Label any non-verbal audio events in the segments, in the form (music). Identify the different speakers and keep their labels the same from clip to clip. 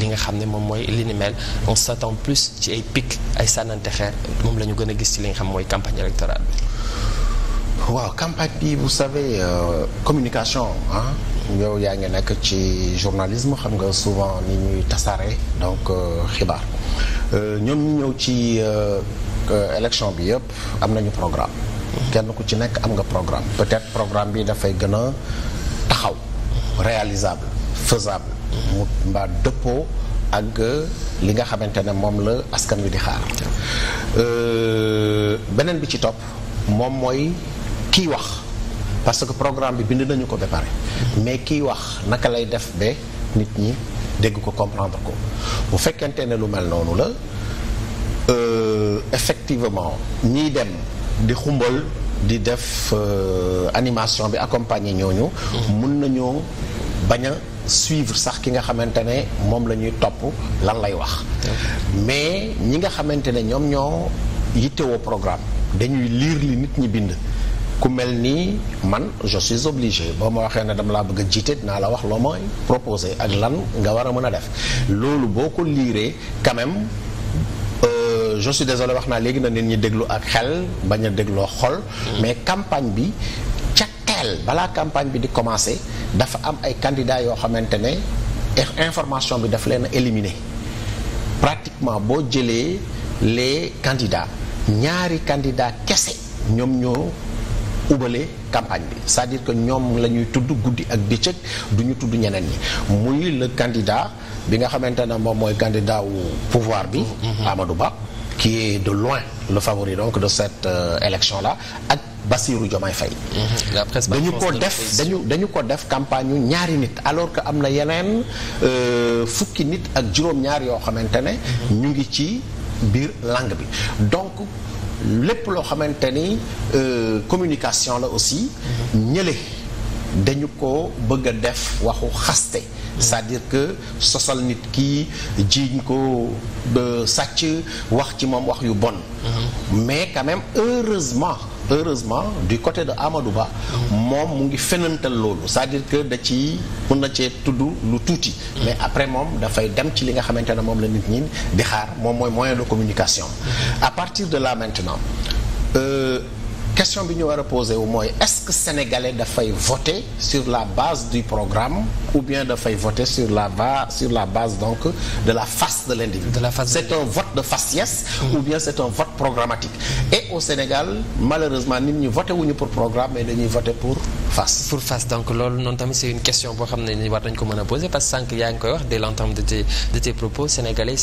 Speaker 1: li nga xam ne moom mooy li ni mel on s'attend plus ci ay pic ay sànnante xeer moom la ñu gën a gis ci li nga xam mooy campagne électorale bi.
Speaker 2: waaw campagne bi vous savez euh, communication ah yaa ngi nekk ci journalisme xam nga souvent ni ñuy tasaare donc euh, xibaar euh, ñoom ñi ñëw ci euh, élection bi yëpp am nañu programme. kenn ku ci nekk am nga programme. peut-être programme bi dafay gën a taxaw réalisable faisable. mu mbaa dëppoo ak euh, li nga xamante ne moom la askan wi di xaar euh, beneen bi ci topp moom mooy kiy wax parce que programme bi bind nañu ko ba pare mais kiy wax naka lay def ba nit ñi dégg ko comprendre ko bu fekkente ne lu mel noonu la euh, effectivement ñiy dem di xumbal di def animation bi accompagner ñooñu mm-hmm. mun nañoo bañ suivre sax ki nga xamante ne moom la ñuy topp lan lay wax mais ñi nga xamante ne ñoom ñoo yittewoo programme dañuy liir li nit ñi bind ku mel nii man je suis obligé boo ma waxee ne dama laa bëgg a jiite dinaa la wax loo may proposé ak lan nga war a mën a def loolu boo ko liiree quand même euh, je suis désolé wax naa léegi na nit ñi déglu ak xel bañ a dégloo xol mm. mais campagne bi xel balaa campagne bi di commencer dafa am ay candidats yoo xamante ne information bi dafa leen a éliminer pratiquement boo jëlee les candidats ñaari candidats kese ñoom ñoo ubale campagne bi cest dire que ñoom la ñuy tudd guddi ak bëccëg duñu tudd ñeneen ñi muy le candidat bi nga xamante ne moom mooy candidat wu pouvoir bi. Mm-hmm. Amadou Ba qui est de loin le favori donc de cette euh, élection là Bassirou Diomaye Faye
Speaker 1: mhm. dañu ko def
Speaker 2: dañu dañu ko def campagne ñaari nit alors que am na yeneen euh, fukki nit ak juróom-ñaar yoo xamante ne mhm. ñu ngi ci biir langue bi donc lépp loo xamante ni euh, communication la aussi mhm. ñële dañu ko bëgg a def waxu xaste cest dire que sosal nit ki jiiñ ko euh, sàcc wax ci moom wax yu bon mais quand heureusement heureusement du côté de Amadou Ba moom mu ngi fenantal loolu c'est-à-dire que da ci mën na cee tudd lu tuuti mais après moom dafay dem ci li nga xamante ne moom la nit ñi di xaar moom mooy moyen de communication à partir de la maintenant euh, question bi ñu war a posé wu mooy est-ce que sénégalais dafay voter sur la base du programme ou bien dafay voter sur la va sur la base donc de la face de l'individu de la face c'est un vote de faciès mm. ou bien c'est un vote programmatique et au Sénégal malheureusement nit ñi voté wuñu pour programme mais dañuy voter pour face
Speaker 1: pour face donc loolu noonu tamit c'est une question boo xam ne ni war nañ ko mën a poser parce que yaa ngi koy wax de tes de tes propos sénégalais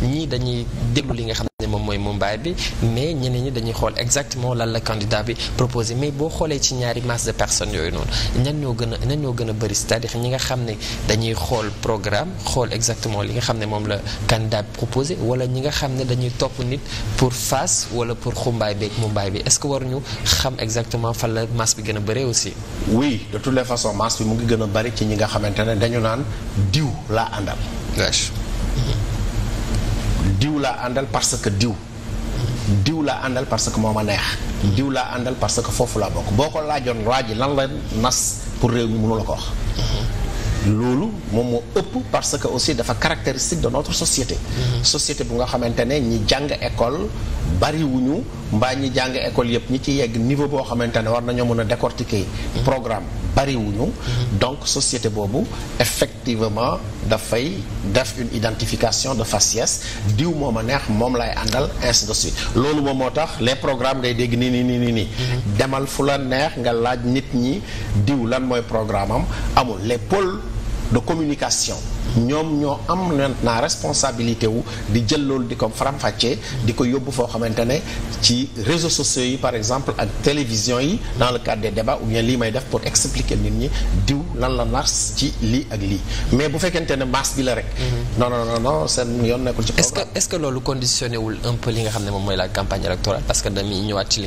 Speaker 1: li nga xam moom mooy Mumbai bi mais ñeneen ñi dañuy xool exactement lan la candidat bi proposé mais boo xoolee ci ñaari masse de personnes yooyu noonu ñan ñoo gën a ñan ñoo gën a bëri cest à ñi nga xam ne dañuy xool programme xool exactement li nga xam ne moom la candidat bi proposé wala ñi nga xam ne dañuy topp nit pour Fass wala pour Xumbaay beeg Mumbai bi est-ce que waruñu xam exactement fan la masse bi gën a bëree aussi. oui de toutes les façon masse bi mu ngi gën a bëri ci ñi nga xamante ne dañu naan diw laa àndal.
Speaker 2: diw laa àndal parce que diw diw laa àndal parce que moo ma neex diw laa àndal parce que foofu laa bokk boo ko laajoon waa ji lan la nas pour réew mi mënu la ko wax loolu moom moo ëpp parce que aussi dafa caractéristique de notre société mm-hmm. société bu nga xamante ne ñi jàng école bariwuñu mbaa ñi jàng école yëpp ñi ci yegg niveau boo xamante ne war nañoo mën a décortiquer programme bariwuñu donc société boobu effectivement dafay def une identification de faciès diw moom ma neex moom lay àndal ainsi de loolu moom moo tax les programme ngay dégg nii nii nii nii demal fu la neex nga laaj nit ñi diw lan mooy programme am amul les pôles de communication ñoom ñoo am na responsabilité wu di jël loolu di ko faram-fàccee di ko yóbbu foo xamante ne ci réseaux sociaux yi par exemple ak télévision yi dans le cadre des débats lii may def pour expliquer nit ñi diw lan la mars ci lii ak lii mais bu fekkente ne mars bi la rek. Mm-hmm.
Speaker 1: non non non seen yoon nekkul ci. est-ce que est-ce la ci li nga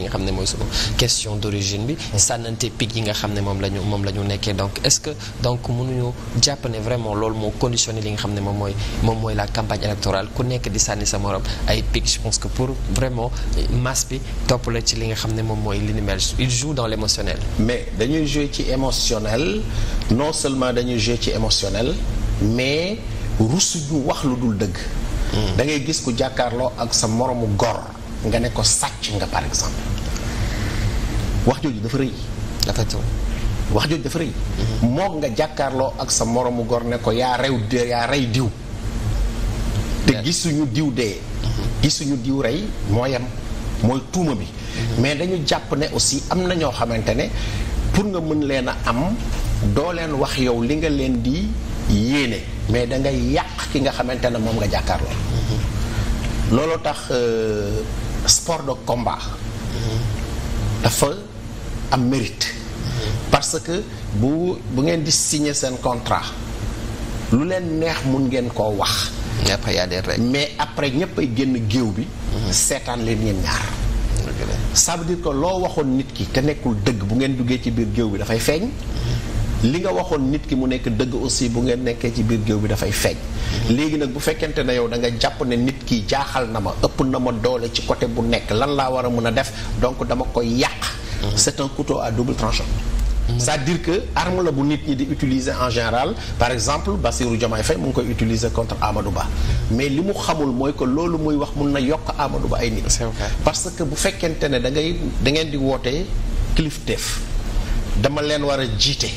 Speaker 1: xam ne mooy suñu question d'origine bi. Mm-hmm. sànnante pic yi nga xam ne moom la ñu nekkee donc est donc mënuñu jàpp ne vraiment conditionner li nga xam ne moom mooy moom mooy la campagne électorale ku nekk di sànni sa morom ay pic je que pour vraiment euh, masse bi topp la ci li nga xam ne moom mooy li ni mel il joue dans l'émotionnel
Speaker 2: mais dañuy jouer ci émotionnel non seulement dañuy jouer ci émotionnel mais rusu ñu wax lu dul dëgg hmm. da ngay gis ku jàkkaarloo ak sa moroomu gor nga ne ko sàcc nga par exemple wax jooju dafa rëy wax jooju dafa rëy. moog nga jàkkaarloo ak sa moroomu gor ne ko yaa rew yaa rey diw. te gisuñu diw de gisuñu diw rey moo yem mooy tuuma bi. mais dañu jàpp ne aussi am na ñoo xamante ne pour nga mën leen a am doo leen wax yow li nga leen di yéene mais da ngay yàq ki nga xamante ne moom nga jàkkaarloo. looloo tax euh, sport de combat. dafa am mérite. parce que bu bu ngeen di signer seen contrat lu leen neex mun ngeen koo wax. mais après ñëpp ay génn géew bi. Mm-hmm. seetaan leen yéen ñaar. ça veut que loo waxoon nit ki te nekkul dëgg bu ngeen duggee ci biir géew bi dafay feeñ. Mm-hmm. li nga waxoon nit ki mu nekk dëgg aussi bu ngeen nekkee ci biir géew bi dafay feeñ. Mm-hmm. léegi nag bu fekkente ne yow da nga jàpp ne nit ki jaaxal na ma ëpp na ma doole ci côté bu nekk lan laa war a mën a def donc dama koy yàq. c'est un couteau à double c'est-à-dire que arme la bu nit ñi di utiliser en général par exemple basiru Diomaye Faye mu ngi koy utiliser contre amadu Ba mais li mu xamul mooy que loolu muy wax mun na yokk amadu Ba ay nit parce que bu fekkente ne da ngay da ngeen di wootee kilifteef dama leen war a jiite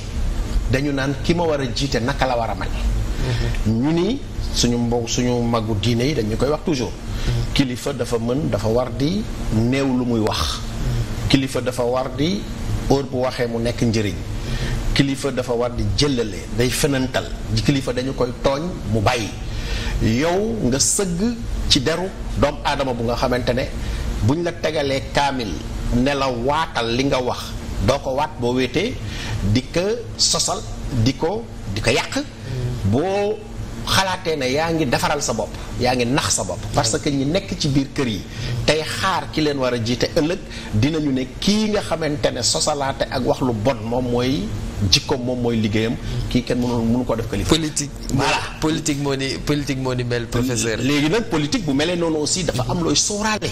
Speaker 2: dañu naan ki ma war a jiite naka la war a mel
Speaker 1: mm-hmm.
Speaker 2: ñu ni suñu mbokk suñu magu diine yi dañu koy wax toujours mm-hmm. kilifa dafa mën dafa war di néew lu muy wax mm-hmm. kilifa dafa war di heure bu waxee mu nekk njëriñ kilifa dafa war di jëlale day fenantal kilifa dañu koy tooñ mu bàyyi yow nga sëgg ci deru doomu aadama bu nga xamante ne buñ la tegalee kaamil ne waatal li nga wax doo ko waat boo wéetee di ko sosal di ko di ko yàq boo xalaatee ne yaa ngi defaral sa bopp yaa ngi nax sa bopp parce que ñi nekk ci biir kër yi tey xaar ki leen war a jiite ëllëg dinañu ne kii nga xamante ne sosalaate ak wax lu bon moom mooy jikkoom moom mooy liggéeyam kii kenn mënu mënu ko def kilifa politique
Speaker 1: voilà politique moo ni
Speaker 2: politique moo ni mel professeur léegi nag politique bu melee noonu aussi dafa am looy sóoraale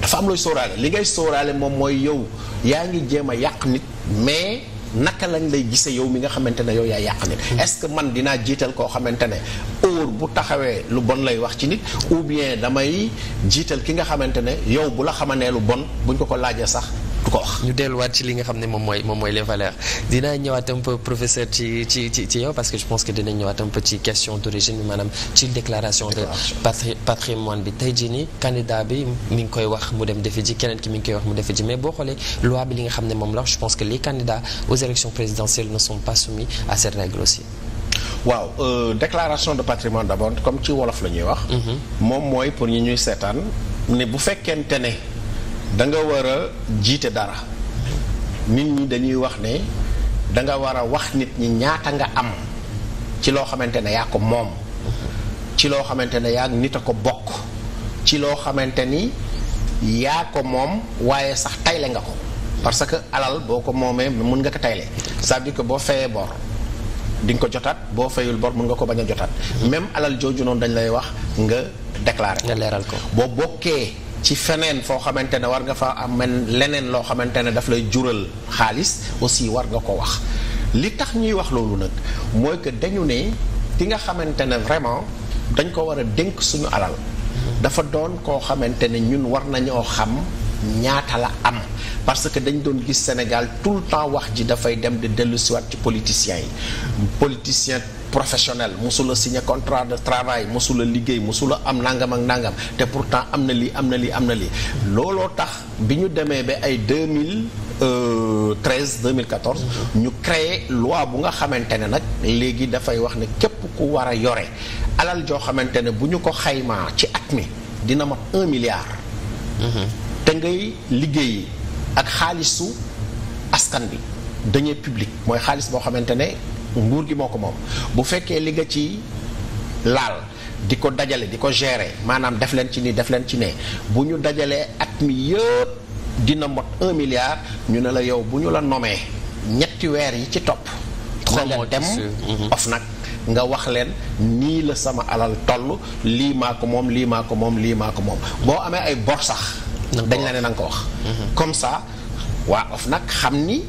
Speaker 2: dafa am looy sóoraale li ngay sóoraale moom mooy yow yaa ngi jéem a yàq nit mais naka lañ lay gisee yow mi nga xamante ne yow yaa yàq nit est-ce que man dinaa jiital koo xamante ne óor bu taxawee lu bon lay wax ci nit ou bien damay jiital ki nga xamante ne yow bu la xamanee lu bon buñ ko ko laajee sax
Speaker 1: du ko wax. ñu delluwaat ci li nga xam ne moom mooy moom dinaa ñëwaat un peu professeur ci ci ci parce que je pense que dinañ ñëwaat un peu patrimoine bi tey jii nii candidat bi mi ngi koy wax mu dem defi keneen ki mi ngi koy wax mu defi mais boo xoolee loi bi li nga xam ne moom la je pense que les candidats aux élections présidentielles ne sont pas soumis à cette règle aussi.
Speaker 2: waaw euh, déclaration de patrimoine d'abord comme ci wolof la wax. Mm-hmm. moom mooy pour da nga war a jiite dara nit ñi dañuy wax ne da nga war a wax nit ñi ñaata nga am ci loo xamante ne yaa ko moom ci loo xamante ne nit ko bokk ci loo xamante ni yaa ko moom waaye sax tayle nga ko parce que alal boo ko moomee mun nga ko tayle c'est-à-dire boo fayee bor di ko jotaat boo fayul bor mun nga ko bañ a jotaat même alal jooju noonu dañ lay wax nga déclarer nga leeral ko boo bokkee ci feneen foo xamante ne war nga fa am leneen loo xamante ne daf lay jural xaalis aussi war nga ko wax li tax ñuy wax loolu nag mooy que dañu ne ki nga xamante ne vraiment dañ ko war a dénk suñu alal dafa doon koo xamante ne ñun war nañoo xam ñaata la am parce que dañ doon gis Sénégal tout le temps wax ji dafay dem di dellusiwaat ci politiciens yi politicien professionnel mosula signé contrat de travail mosula liggéey mosula am nangam ak nangam te pourtant am na lii am na lii am na lii looloo tax bi ñu demee ba ay 2013 2014 euh, ñu créé loi bu nga xamante ne nag léegi dafay wax ne képp ku war a yore alal joo xamante ne bu ñu ko xayma ci at mi dina mat un milliard mhm. te ngay liggéey ak xaalisu askan bi deniers publics mooy xaalis boo xamante ne nguur gi moo ko moom bu fekkee li nga ci laal di ko dajale di ko gere maanaam def leen ci nii def leen ci ne bu ñu dajalee at mi yëpp dina mot un milliard ñu ne la yow bu ñu la nomee ñetti weer yi ci topp na nga dem mhm. of nag nga wax leen nii la sama alal toll lii maa ko moom lii maa ko moom lii moom boo amee ay bor sax dañ la ne na nga ko wax mhm. comme ça waa of nag xam ni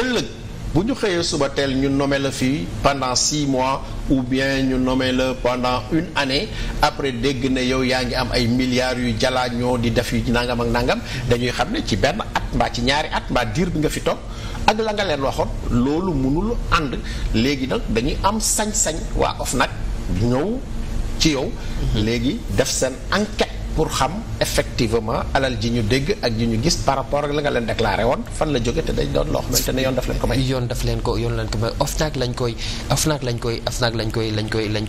Speaker 2: ëllëg bu ñu xëyee suba teel ñu nommé la fii pendant six mois ou bien ñu nommé la pendant une année après dégg na yow yaa ngi am ay milliards yu jalaañoo di def yu nangam ak nangam dañuy xam ne ci benn at mbaa ci ñaari at mbaa diir bi nga fi toog ak la nga leen waxoon loolu munul ànd léegi nag dañuy am sañ-sañ waa nag ñëw ci yow léegi def seen enquête pour xam effectivement alal ji ñu dégg ak ji
Speaker 1: ñu gis par rapport ak la nga leen déclaré woon fan la jóge te dañ doon loo xamante ne yoon daf leen ko may. yoon daf leen ko may OFNAC lañ lañ koy OFNAC lañ lañ koy lañ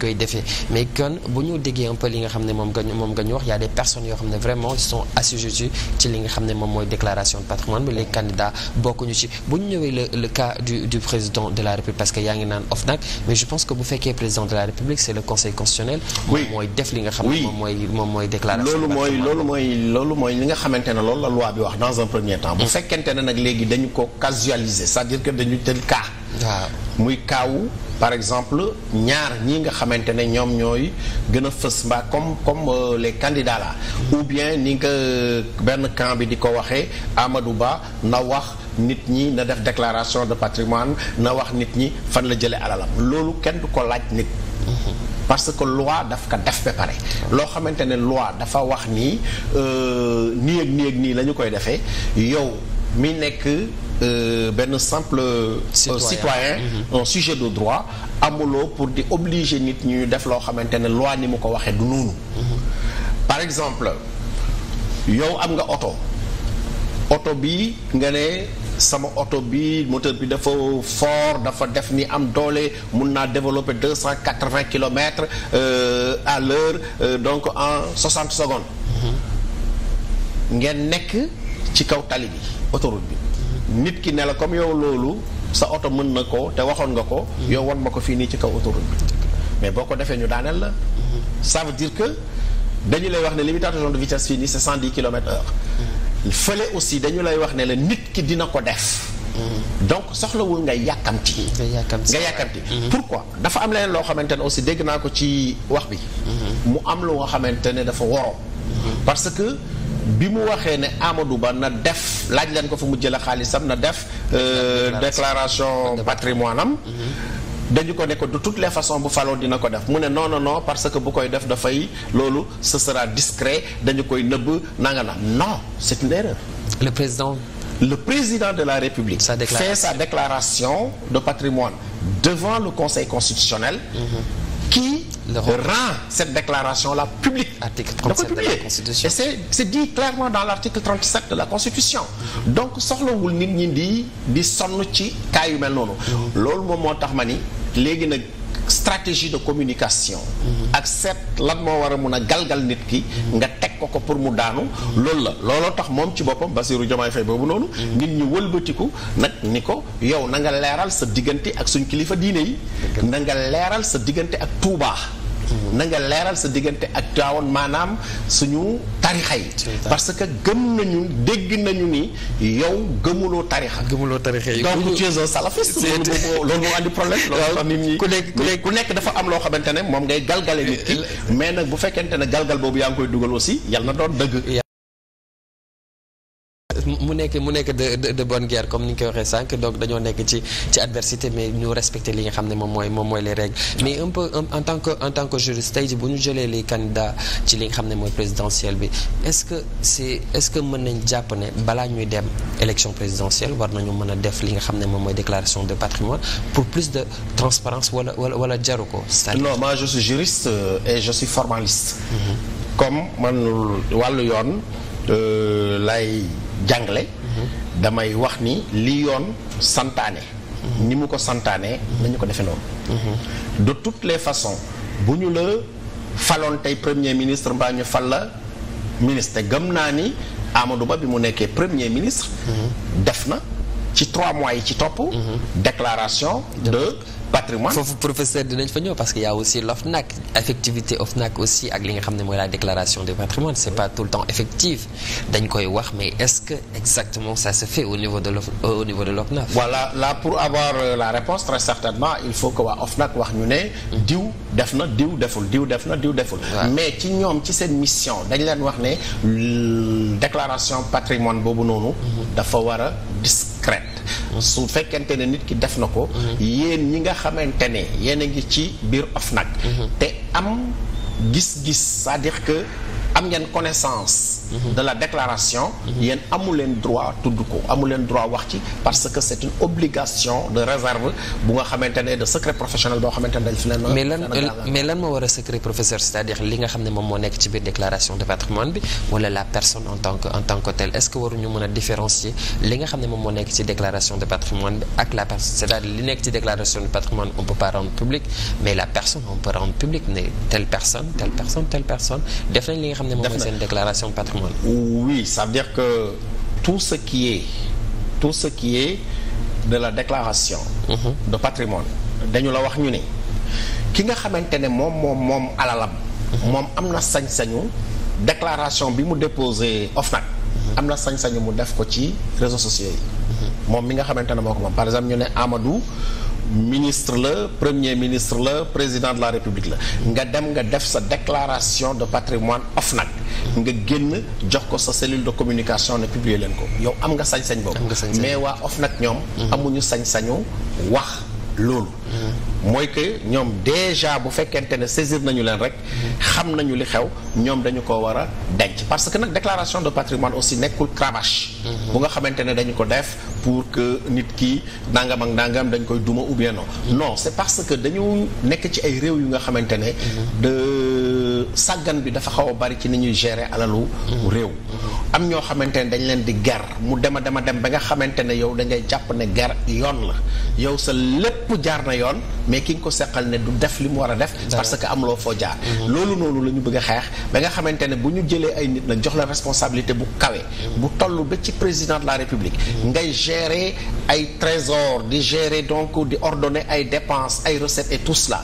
Speaker 1: mais kon bu ñu déggee un peu li nga xam ne moom nga moom wax y a des personnes yoo xam ne vraiment sont assujetties ci li nga xam ne moom mooy déclaration de patrimoine bi les candidats bokkuñu ci bu ñu ñëwee le cas du président de la République parce que yaa ngi naan OFNAC mais je pense que bu fekkee président de la République c'est loolu mooy
Speaker 2: loolu mooy loolu mooy li nga xamante ne loolu la loi bi wax dans un premier temps. bu mm. fekkente ne nag léegi dañu ko casualiser c'est-à-dire que dañu jël cas. muy kaawu par exemple ñaar ñi nga xamante ne ñoom ñooy gën a fës mbaa comme comme euh, les candidats là mm. ou bien ni nga benn camp bi di ko waxee Amadou Ba na wax nit ñi na def déclaration de patrimoine na wax nit ñi fan la jëlee alalam loolu kenn du ko laaj nit. Mm-hmm. parce que loi daf ko def ba pare loo xamante ne loi dafa wax nii euh, nii ak nii ak nii la koy defee yow mi nekk euh, benn simple euh, citoyen mm-hmm. sujet de droit amuloo pour di obliger nit ñuy def loo xamante ne loi ni mu ko waxee du noonu
Speaker 1: mm-hmm.
Speaker 2: par exemple yow am nga oto oto bi nga ne sama oto bi motor bi dafa fort dafa def ni am doole mun naa développer deux cent quatre vingt kilomètres euh, à l'heure euh, donc en soixante secondes ngeen nekk ci kaw tali bi autoroute bi nit ki ne la comme yow loolu sa oto mën na ko te waxoon nga ko yow won ma ko fii nii ci kaw autoroute bi mais boo ko defee ñu daaneel la ça veut dire que dañu lay wax ne limitation de vitesse fii nii c'est cent dix kilomètres heure fële aussi dañu lay wax ne la nit ki dina ko def. Mm-hmm. donc soxlawul nga
Speaker 1: yàkkamti. nga yàkkamti nga yàkkamti.
Speaker 2: Mm-hmm. pourquoi dafa am leneen loo xamante ne aussi dégg naa ko ci wax bi. Mm-hmm. mu am lu nga xamante ne dafa waroo. parce que bi mu waxee ne amadu Ba na def laaj leen ko fa mu jëlee xaalisam na def. déclaration euh, patrimoine am. dañu ko ne ko de toutes les façons bu faloo dina ko def mu ne non non non parce que bu koy def dafay loolu ce sera discret dañu koy nëbb nanga na non
Speaker 1: c'est une erreur. le président. le
Speaker 2: président de la République. Sa fait sa déclaration de patrimoine devant le Conseil constitutionnel. Mm-hmm. qui le rend cette déclaration la publique. article 37 de la Constitution et c'est c'est dit clairement dans de la Constitution. mm donc soxlawul nit ñi di di sonn ci cas yu mel noonu.
Speaker 1: Mm-hmm. loolu
Speaker 2: moom moo tax ma ni. léegi nag stratégie de communication. Mhm. ak seet lan moo war a mun a galgal nit ki. Mhm. nga teg ko ko pour mu daanu. loolu la looloo tax moom ci boppam basiiru Diomaye Faye boobu noonu. Mhm. nit ñi wëlbatiku nag ni ko yow na nga leeral sa diggante ak suñ kilifa diine yi. na nga leeral sa diggante ak Touba. na nga leeral sa diggante ak Tiwaawan maanaam suñu tarixa yi parce que gëm nañu dégg nañu ni yow gëmuloo tarixa gëmuloo tarixa yi donc tu es un salafiste loolu moo andi problème (laughs) loolu nit ñi ku nekk dafa am loo xamante ne moom ngay galgale nit ki mais nag bu fekkente ne galgal boobu yaa ngi koy dugal aussi yal na doon dëgg
Speaker 1: mu nekk mu nekk de de bonne guerre comme ni nga koy waxee sànq donc dañoo nekk ci ci adversité mais ñu respecter li nga xam ne moom mooy moom mooy les règles mais un peu en tant que en tant que juriste tey ji bu ñu jëlee les candidats ci li nga xam ne mooy présidentielle bi est-ce que c'est est-ce que mën nañ jàpp ne balaa ñuy dem élection présidentielle war nañu mën a def li nga xam ne moom mooy déclaration de patrimoine pour plus de transparence wala wala wala jaru ko non
Speaker 2: moi je suis juriste euh, et je suis formaliste
Speaker 1: mm-hmm.
Speaker 2: man wàllu yoon euh, lay jàngale. damay wax ni li yoon santaane. ni mu ko santaane nañu ko defee noonu. de toutes les façons bu ñu la faloon tey premier ministre mbaa ñu fal la ministre te gëm naa ni Amadou Ba bi
Speaker 1: mu nekkee premier ministre. def na. ci trois mois yi ci topp. déclaration de patrimoine. foofu professeur dinañ fa ñëw parce que y' a aussi l' effectivité OFNAC aussi ak li nga xam ne mooy la déclaration de patrimoine c' pas tout le temps effective dañ koy wax mais est ce que exactement ça se fait au niveau de l' euh, au l' OFNAC.
Speaker 2: voilà là pour avoir euh, la réponse très certainement il faut que waa OFNAC wax ñu ne. diw def na diw deful diw def na diw deful. mais ci ñoom ci seen mission dañ leen wax ne déclaration patrimoine boobu noonu. Mhm. su fekkente ne nit ki def na ko yéen ñi nga xamante ne yéen a ngi ci biir nag mhm. te am gis-gis dire que am ngeen connaissance de la déclaration yéen amu leen droit tudd ko amu leen droit wax ci parce que c'est une obligation de réserve bu nga xamante ne de secret professionnel boo xamante ne dañ
Speaker 1: secret professeur cest à li nga xam ne moom moo nekk ci déclaration de patrimoine bi ak la personne cest à li nekk ci déclaration de patrimoine on peut pas public mais la personne on peut rendre public ne telle personne telle personne telle personne def nañ li nga xam pour man.
Speaker 2: oui ça veut que tout ce qui est tout ce qui est de la déclaration. Mmh. de patrimoine dañu la wax ñu ne ki nga xamante ne moom moom moom alalam. Mhm. moom am na sañ-sañu déclaration bi mu déposé OFNAC. Mhm. am na sañ-sañu mu def ko ci réseaux sociaux yi. moom mi nga xamante ne moo ko moom par exemple ñu ne amadu ministre la premier ministre la président de la république la nga dem nga def sa déclaration de patrimoine nag nga génn jox ko sa cellule de communication ne publier leen ko yow am nga sañ-sañ boobu mais waa nag ñoom mm-hmm. amuñu sañ-sañu wax loolu
Speaker 1: mm-hmm.
Speaker 2: mooy que ñoom déjà bu fekkente ne saisir nañu leen rek xam nañu li xew ñoom dañu ko war a denc parce que nag déclaration de patrimoine aussi nekkul cravache bu nga xamante ne dañu ko def pour que nit ki nangam ak nangam dañ koy duma ou non non c'est parce que dañu nekk ci ay réew yu nga xamante ne sàggan bi dafa xaw a bari ci ni ñuy gérer alalu mhm. réew am ñoo xamante ne dañ leen di ger mu dema dema dem ba nga xamante ne yow da ngay jàpp ne ger yoon la yow sa lépp jaar na yoon mais ki nga ko seqal ne du def li mu war a def parce que amuloo foo jaar mhm. loolu noonu la ñu bëgg xeex ba nga xamante ne bu ñu jëlee ay nit nag jox la responsabilité bu kawe mhm. bu tollu ba ci président de la république ngay gérer ay trésor di gérer donc di ordonner ay dépenses ay recettes la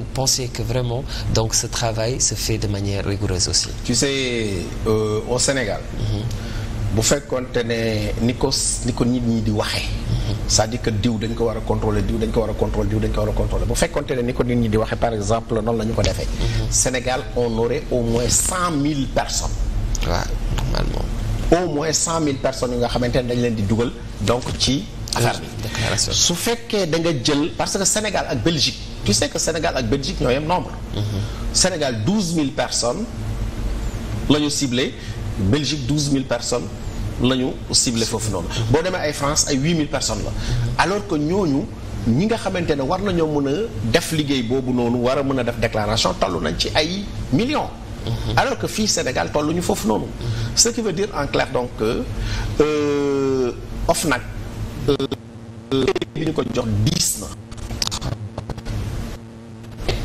Speaker 1: vous pensez que vraiment donc ce travail se fait de manière rigoureuse aussi
Speaker 2: tu sais euh, au Sénégal mhm. bu fekkoonte ne ni ko ni ko nit ñi di waxee mhm. c'est-à-dire que diw dañ ko war a contrôler diw dañ ko war a contrôler diw dañ ko war a contrôler bu fekkoonte ne ni ko nit ñi di waxee par exemple noonu la ko defee mhm. Sénégal on au moins cent mille personnes waaw au moins personnes yi nga xamante dañ leen di dugal donc ci affaire bi su fekkee da nga jël parce que Sénégal ak tu sais que Sénégal ak Belgique ñoo yem nombre. Mhm. Sénégal mille personnes la ñu ciblé Belgique 12000 personnes la ñu ciblé foofu noonu. boo demee ay France ay 8000 personnes la alors que ñooñu. ñi nga xamante ne war nañoo mën a def liggéey boobu noonu war a mën a def déclaration toll nañ ci ay million mhm. alors que fii Sénégal ñu foofu noonu. ce qui veut dire en clair donc que euh, nag euh, bi ñu ko jox diis na.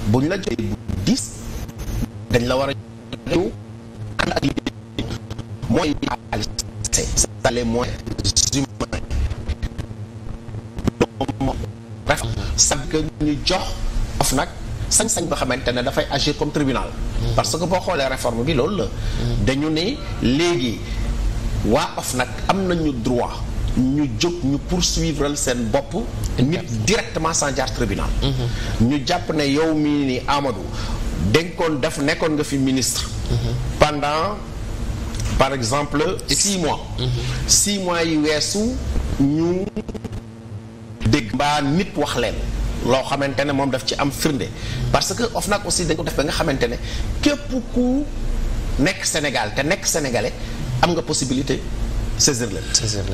Speaker 2: buñ la joxee bu dix dañ la war a jox ànd ak li mooy xaalis ñu jox of nag sañ-sañ ba xamante ne dafay agir comme tribunal parce que boo xoolee réforme bi loolu la mm. dañu ne léegi waa of nag am nañu droit ñu jóg ñu poursuivre seen bopp nit directement sans jaar tribunal mm-hmm. ñu jàpp ne yow mii ni Amadou dénkoon daf nekkoon nga fi ministre mm-hmm. pendant par exemple six mois mm-hmm. six mois yi weesu ñu dégg mbaa nit wax leen loo xamante ne moom daf ci am firnde parce que nag aussi dañ ko def ba nga xamante ne képp ku nekk Sénégal te nekk sénégalais am nga possibilité saisir leen. saisir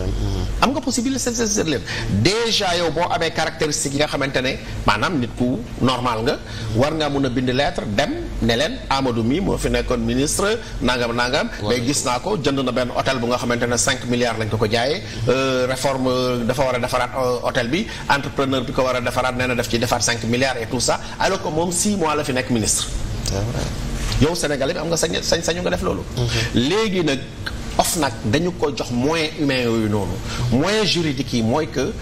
Speaker 2: am nga possibilité saisir leen déjà yow boo amee caractéristiques yi nga xamante ne maanaam nit ku normal nga. war nga mun a bind lettre dem ne leen Amadou mi moo fi nekkoon ministre nangam nangam. mais gis naa ko jënd na benn hôtel bu nga xamante ne 5 milliards lañ ko ko jaayee. Euh, réforme euh, dafa war a defaraat euh, hôtel bi entrepreneur bi ko war a defaraat nee na daf ci defaat cinq milliards et tout ça alors que moom 6 mois la fi nekk ministre. yow Sénégalais am nga sañ sañ sañu nga def loolu. Mm-hmm. nag dañu ko jox moyens humains yooyu noonu moyens juridiques yi mooy que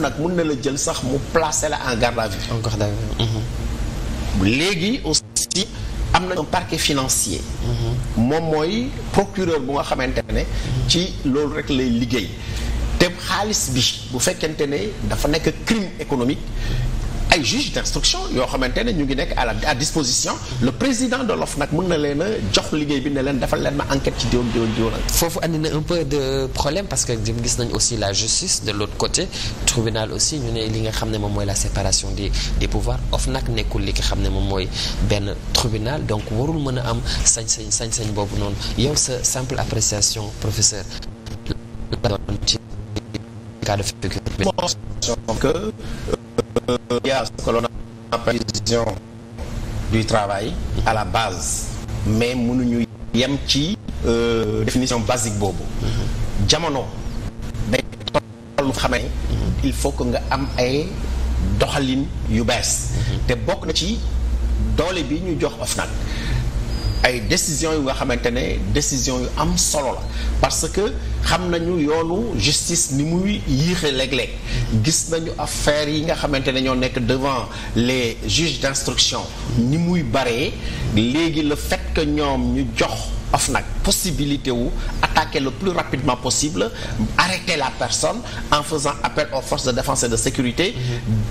Speaker 2: nag mun na la jël sax mu placer la en garde à vue. en
Speaker 1: garde à mm-hmm.
Speaker 2: léegi aussi am na un parquet financier. Mm-hmm. moom mooy procureur bu nga xamante ne. Mm-hmm. ci loolu rek lay liggéey. te xaalis bi bu fekkente ne dafa nekk crime économique. ay juge d'instruction yoo xamante ne ñu ngi nekk à la disposition le président de l'OFNAC mën na leen a jox liggéey bi ne leen defal leen ma enquête
Speaker 1: ci diwoon diwoon diwoon foofu andi na un peu de problème parce que jëm gis nañ aussi la justice de l'autre côté tribunal aussi ñu ne li nga xam ne moom mooy la séparation des des pouvoirs OFNAC nekkul li nga xam ne moom mooy benn tribunal donc warul mën a am sañ-sañ sañ-sañ boobu noonu yow sa simple appréciation professeur cas de
Speaker 2: figure il y a ce que l'on appelle vision du travail à la base mais mënuñu yem ci euh, définition basique boobu jamono day tollu xamee il faut que nga am ay doxalin yu bees te bokk na ci doole bi ñu jox OFNAC ay décisions yu nga xamante ne décisions yu am solo la parce que xam nañu yoonu justice ni muy yéexe léeg-léeg gis nañu affaire yi nga xamante ne ñoo nekk devant les juges d'instruction ni muy baree léegi la fet que ñoom ñu jox nag possibilité wu attaquer le plus rapidement possible arrêter la personne en faisant appel aux forces de défense et de sécurité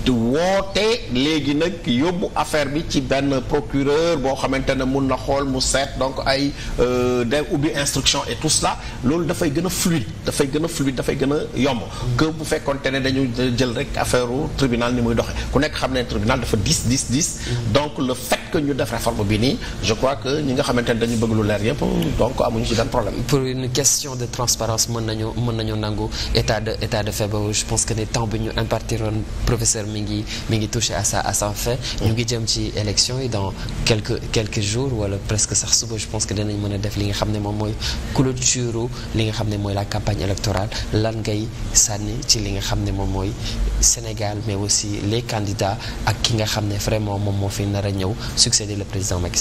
Speaker 2: woote léegi nag yóbbu affaire bi ci benn procureur boo xamante ne mun na xool mu seet donc ay euh, day ubbi instruction et tout cela loolu dafay gën a fluide dafay gën a fluide dafay gën a yomb kë bu fekkoonte ne dañu jël rek affaire tribunal ni muy doxe ku nekk xam ne tribunal dafa dix dix dix donc le fait que ñu def réforme bi nii je crois que ñi nga xamante ne dañu bëgg lu yëpp amuñu ci benn
Speaker 1: problème. pour une question de transparence mën nañu mën nañu nangu état de état de fait boobu je pense que ne temps bi ñu impartiroon professeur mi ngi mi ngi sa à sa fin. ñu ngi jëm ci élection yi dans quelques quelques jours wala presque sax suba je pense que danañ mën a def li nga xam ne moom mooy clôture li nga xam ne mooy la campagne électorale lan ngay sànni ci li nga xam ne moom mooy Sénégal mais aussi les candidats ak ki nga xam ne vraiment moom moo fi nar a ñëw succéder le président Macky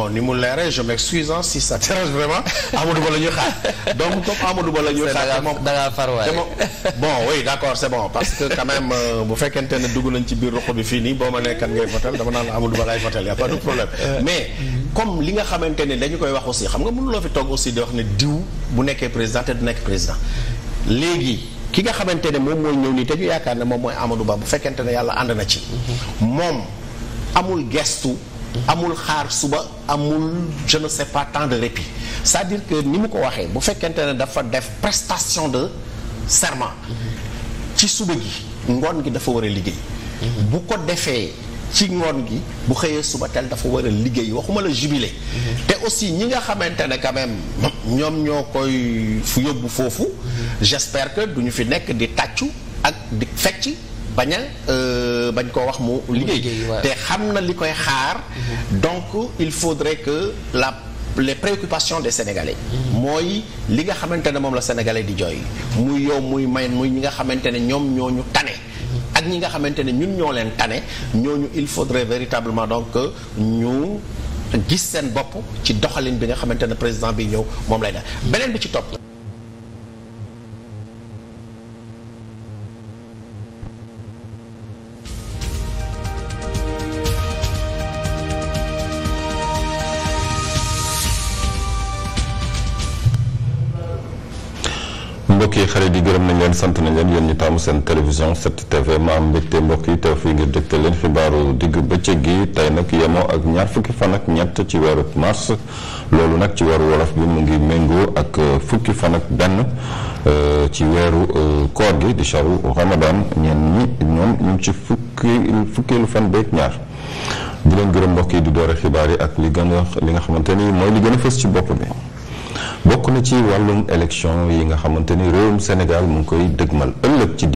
Speaker 1: bon ni mu leeree
Speaker 2: je m'excuse ah si ça dérange vraiment Amadou Ba la ñuy xaar donc comme Amadou Ba la xaar moom far waay bon oui d'accord c'est bon parce que quand euh, bu fekkente ne dugg nañ ci biir roq bi fii nii boo ma nee ngay votel dama naan Amadou Ba laay votel y a pas de problème mais comme li nga xamante ne dañu koy wax aussi xam nga mënuloo fi toog aussi di wax ne diw bu nekkee président te du nekk président léegi ki nga xamante ne moom mooy ñëw nii te ñu yaakaar ne mooy Amadou Ba bu fekkente ne yàlla ànd na ci amul xaar suba amul je ne sais pas temps de répit cest dire que ni mu ko waxee bu fekkente ne dafa def prestation de serment ci suba gi ngoon gi dafa war a liggéey bu ko defee ci ngoon gi bu xëyee suba tel dafa war a liggéey waxuma la jubilé te aussi ñi nga xamante ne quand ñoom ñoo koy fu yóbbu foofu j'espère que ñu fi nekk di tàccu ak di fecc bañ a euh, bañ koo wax mu liggéey te xam na li koy xaar mhm. donc il faudrait que la les préoccupations de sénégalais mhm. mooy li nga xamante ne moom la sénégalais di jooy mu yow muy may muy ñi nga xamante ne ñoom ñoo ñu tane mhm. ak ñi nga xamante ne ñun ñoo leen tane ñooñu il faudrait véritablement donc ñu gis seen bopp ci doxalin bi nga xamante ne président bi ñëw moom lay def beneen bi ci topp mbokk yi xarit yi gërëm nañ leen sant nañ leen yéen ñu taamu seen télévision 7TV ma am mbégte mbokk yi te fii ngir dégte leen xibaaru digg bëccëg gi tey nag yemoo ak ñaar fukki fan ak ñett ci weeru mars loolu nag ci weeru wolof bi mu ngi méngoo ak euh, fukki fan ak benn euh, ci weeru euh, koor gi di charu ramadan ñeen ñi ñoom ñu ci fukki fukkeelu fan beeg ñaar di leen gërëm mbokk yi di doore xibaar yi ak li gën a li nga xamante ni
Speaker 1: mooy li gën a fës ci bopp bi bokk na ci wàllum élection yi nga xamante ni réewum Sénégal mu ngi koy dëgmal ëllëg ci